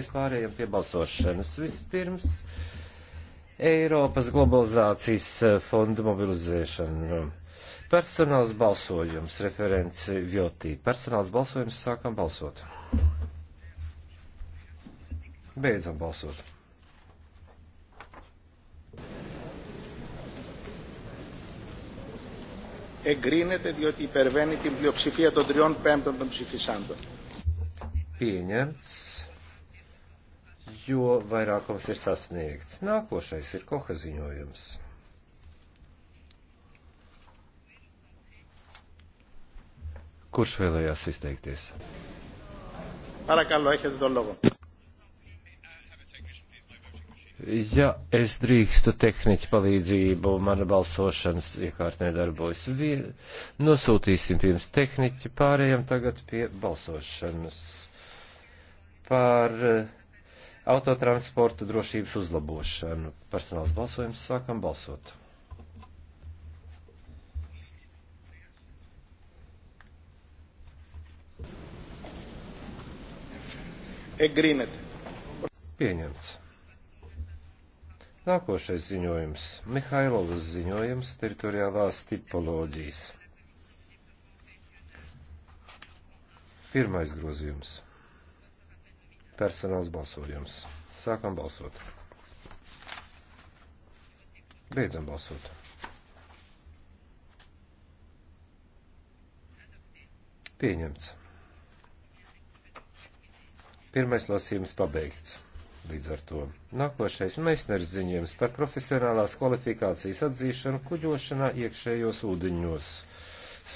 Mēs pārējām pie balsošanas. Vispirms Eiropas globalizācijas eh, fonda mobilizēšana. Personāls balsojums, referents Vjotī. Personāls balsojums, sākam balsot. Beidzam balsot. Εγκρίνεται διότι υπερβαίνει την πλειοψηφία των τριών πέμπτων των ψηφισάντων. Πίνιαρτς jo vairākums ir sasniegts. Nākošais ir koha ziņojums. Kurš vēlējās izteikties? Parakalo, ejiet dologu. Ja es drīkstu tehniķu palīdzību, mana balsošanas iekārta nedarbojas. Nosūtīsim pirms tehniķi, pārējām tagad pie balsošanas par uh, autotransporta drošības uzlabošanu. Personāls balsojums sākam balsot. Agreement. Pieņemts. Nākošais ziņojums - Mihailovas ziņojums teritoriālās tipoloģijas. Pirmais grozījums. Personāls balsojums. Sākam balsot. Beidzam balsot. Pieņemts. Pirmais lasījums pabeigts. Līdz ar to nākošais meisneris ziņojums par profesionālās kvalifikācijas atzīšanu kuģošanā iekšējos ūdeņos.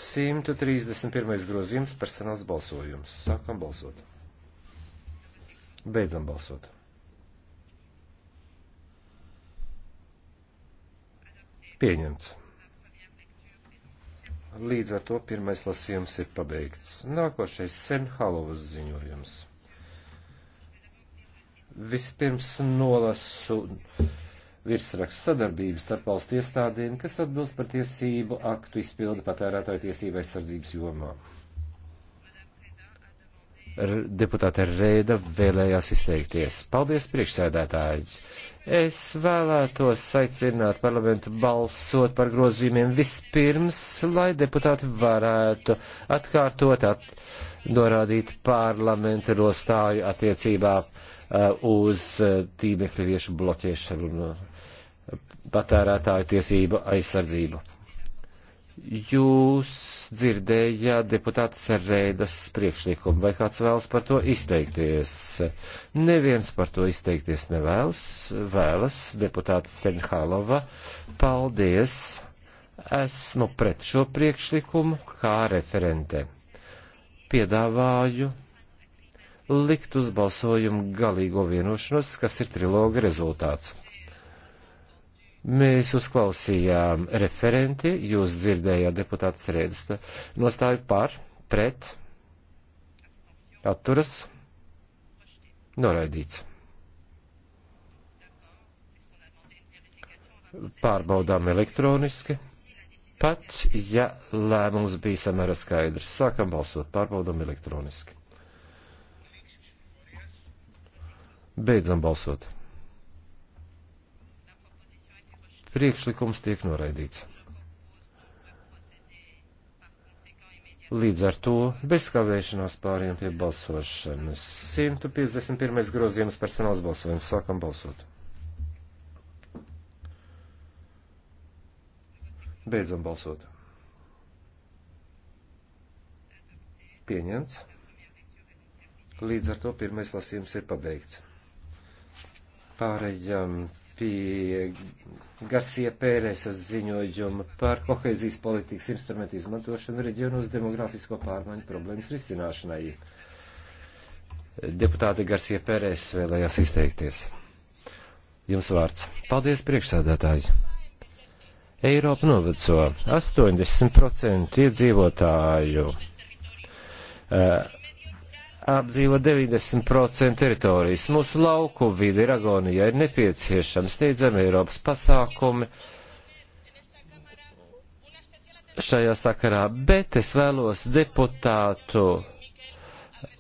131. grozījums personāls balsojums. Sākam balsot. Beidzam balsot. Pieņemts. Līdz ar to pirmais lasījums ir pabeigts. Nākošais Senhalovas ziņojums. Vispirms nolasu virsrakstu sadarbības starp valstu iestādēm, kas atbilst par tiesību aktu izpildu patērētāju tiesību aizsardzības jomā deputāte Reida vēlējās izteikties. Paldies, priekšsēdētāji! Es vēlētos aicināt parlamentu balsot par grozījumiem vispirms, lai deputāti varētu atkārtot, at, norādīt parlamenta nostāju attiecībā uh, uz uh, tīmekļa viešu bloķēšanu un uh, patērētāju tiesību aizsardzību. Jūs dzirdējāt deputātas Serreidas priekšlikumu, vai kāds vēlas par to izteikties? Neviens par to izteikties nevēlas, vēlas deputāta Senhalova. Paldies! Esmu pret šo priekšlikumu kā referente. Piedāvāju likt uz balsojumu galīgo vienošanos, kas ir triloga rezultāts. Mēs uzklausījām referenti, jūs dzirdējāt deputātas rēdas nostāju par, pret, atturas, noraidīts. Pārbaudām elektroniski, pat ja lēmums bija samērā skaidrs. Sākam balsot, pārbaudām elektroniski. Beidzam balsot. priekšlikums tiek noraidīts. Līdz ar to bezkavēšanās pāriem pie balsošanas. 151. grozījums personāls balsojums. Sākam balsot. Beidzam balsot. Pieņemts. Līdz ar to pirmais lasījums ir pabeigts. Pārējām pie Garcija Pērēsas ziņojuma par kohēzijas politikas instrumentu izmantošanu reģionos demografisko pārmaiņu problēmas risināšanai. Deputāte Garcija Pērēs vēlējās izteikties. Jums vārds. Paldies, priekšsādātāji. Eiropa noveco 80% iedzīvotāju. Uh, apdzīvo 90% teritorijas. Mūsu lauku vidi ir agonijā, ir nepieciešams steidzami Eiropas pasākumi šajā sakarā, bet es vēlos deputātu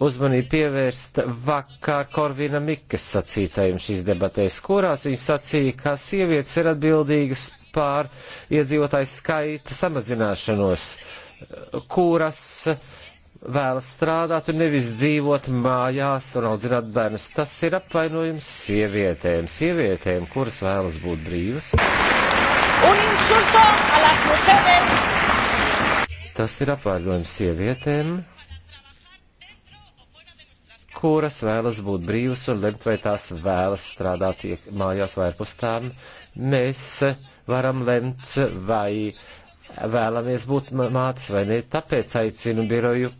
uzmanību pievērst vakar Korvina Mikas sacītajiem šīs debatēs, kurās viņa sacīja, ka sievietes ir atbildīgas pār iedzīvotāju skaita samazināšanos, kuras uh, vēlas strādāt un nevis dzīvot mājās un audzināt bērnus. Tas ir apvainojums sievietēm, sievietēm, kuras vēlas būt brīvas. Tas ir apvainojums sievietēm, kuras vēlas būt brīvas un lemt, vai tās vēlas strādāt mājās vai pustām. Mēs varam lemt, vai uh, vēlamies būt mātes vai ne. Tāpēc aicinu biroju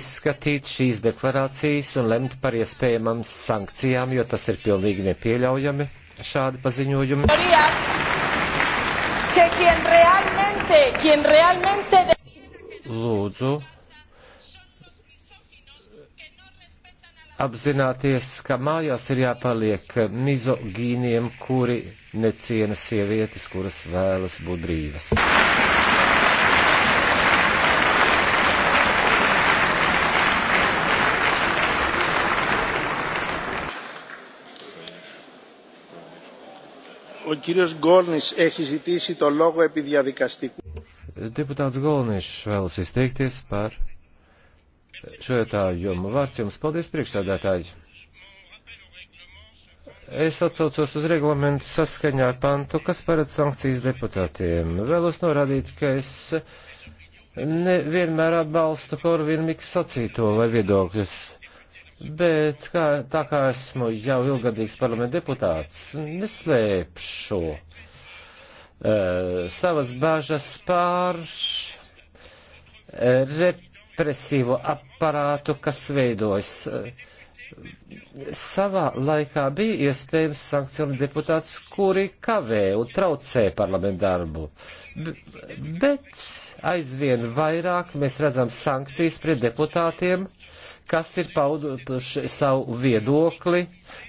izskatīt šīs deklarācijas un lemt par iespējamām sankcijām, jo tas ir pilnīgi nepieļaujami šādi paziņojumi. Lūdzu, apzināties, ka mājās ir jāpaliek mizogīniem, kuri neciena sievietes, kuras vēlas būt brīvas. Ο κύριος Γκόλνης έχει ζητήσει το λόγο επί διαδικαστικού. Deputāts Golnišs vēlas izteikties par šo jautājumu. Vārds jums, paldies, priekšsādātāji. Es atcaucos uz reglamentu saskaņā ar pantu, kas paredz sankcijas deputātiem. Vēlos norādīt, ka es nevienmēr atbalstu Korvina Miks sacīto vai viedokļus. Bet kā, tā kā esmu jau ilgadīgs parlamenta deputāts, neslēpšu uh, savas bāžas pār uh, rep represīvo aparātu, kas veidojas. Savā laikā bija iespējams sankcionēt deputātus, kuri kavē un traucē parlamentu darbu, B bet aizvien vairāk mēs redzam sankcijas pret deputātiem, kas ir pauduši savu viedokli,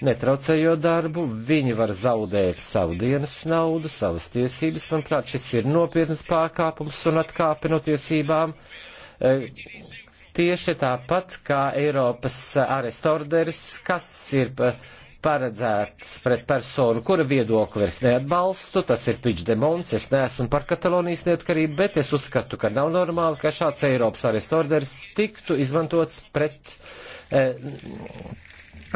netraucējot darbu, viņi var zaudēt savu dienas naudu, savas tiesības. Manuprāt, šis ir nopietnas pārkāpums un atkāpe no tiesībām. Uh, Eh, tieši tāpat kā Eiropas arestorderis, kas ir eh, paredzēts pret personu, kura viedokli es neatbalstu, tas ir pičdemons, es neesmu par Katalonijas neatkarību, bet es uzskatu, ka nav normāli, ka šāds Eiropas arestorderis tiktu izmantots pret eh,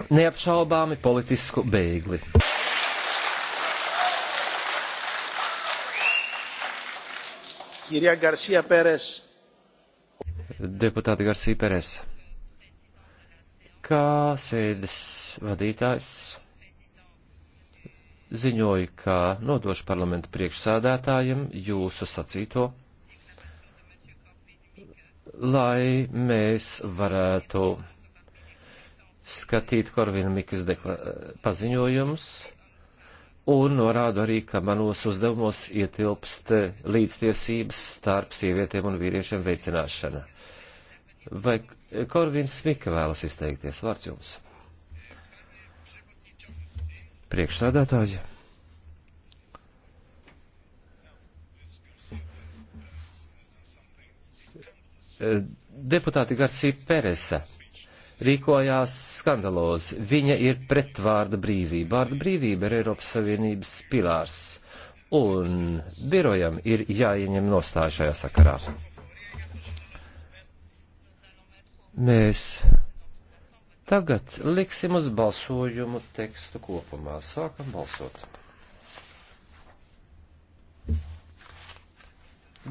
neapšaubāmi politisku bēgli. Kirjā Garcia Pērēs deputāti Garsī Peres. Kā sēdes vadītājs ziņoju, ka nodošu parlamentu priekšsādātājiem jūsu sacīto, lai mēs varētu skatīt Korvina Mikas paziņojumus un norādu arī, ka manos uzdevumos ietilpst līdztiesības starp sievietēm un vīriešiem veicināšana. Vai Korvins Smika vēlas izteikties? Vārds jums. Priekšsādātāji. Deputāti Garcija Peresa rīkojās skandalozi. Viņa ir pretvārda brīvība. Vārda brīvība ir Eiropas Savienības pilārs. Un birojam ir jāieņem nostāja šajā sakarā. Mēs tagad liksim uz balsojumu tekstu kopumā. Sākam balsot.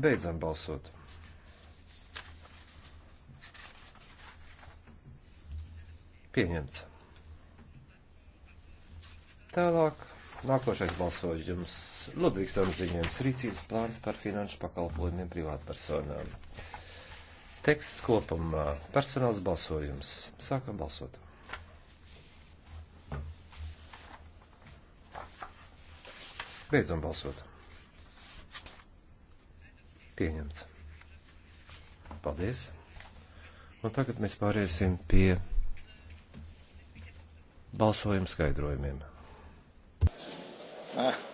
Beidzam balsot. Pieņemts. Tālāk, nākošais balsojums - Ludvigsona ziņojums - rīcības plāns par finanšu pakalpojumiem privātpersonām. Teksts kopumā - personāls balsojums. Sākam balsot. Beidzam balsot. Pieņemts. Paldies. Un tagad mēs pāriesim pie balsojumu skaidrojumiem. Ah.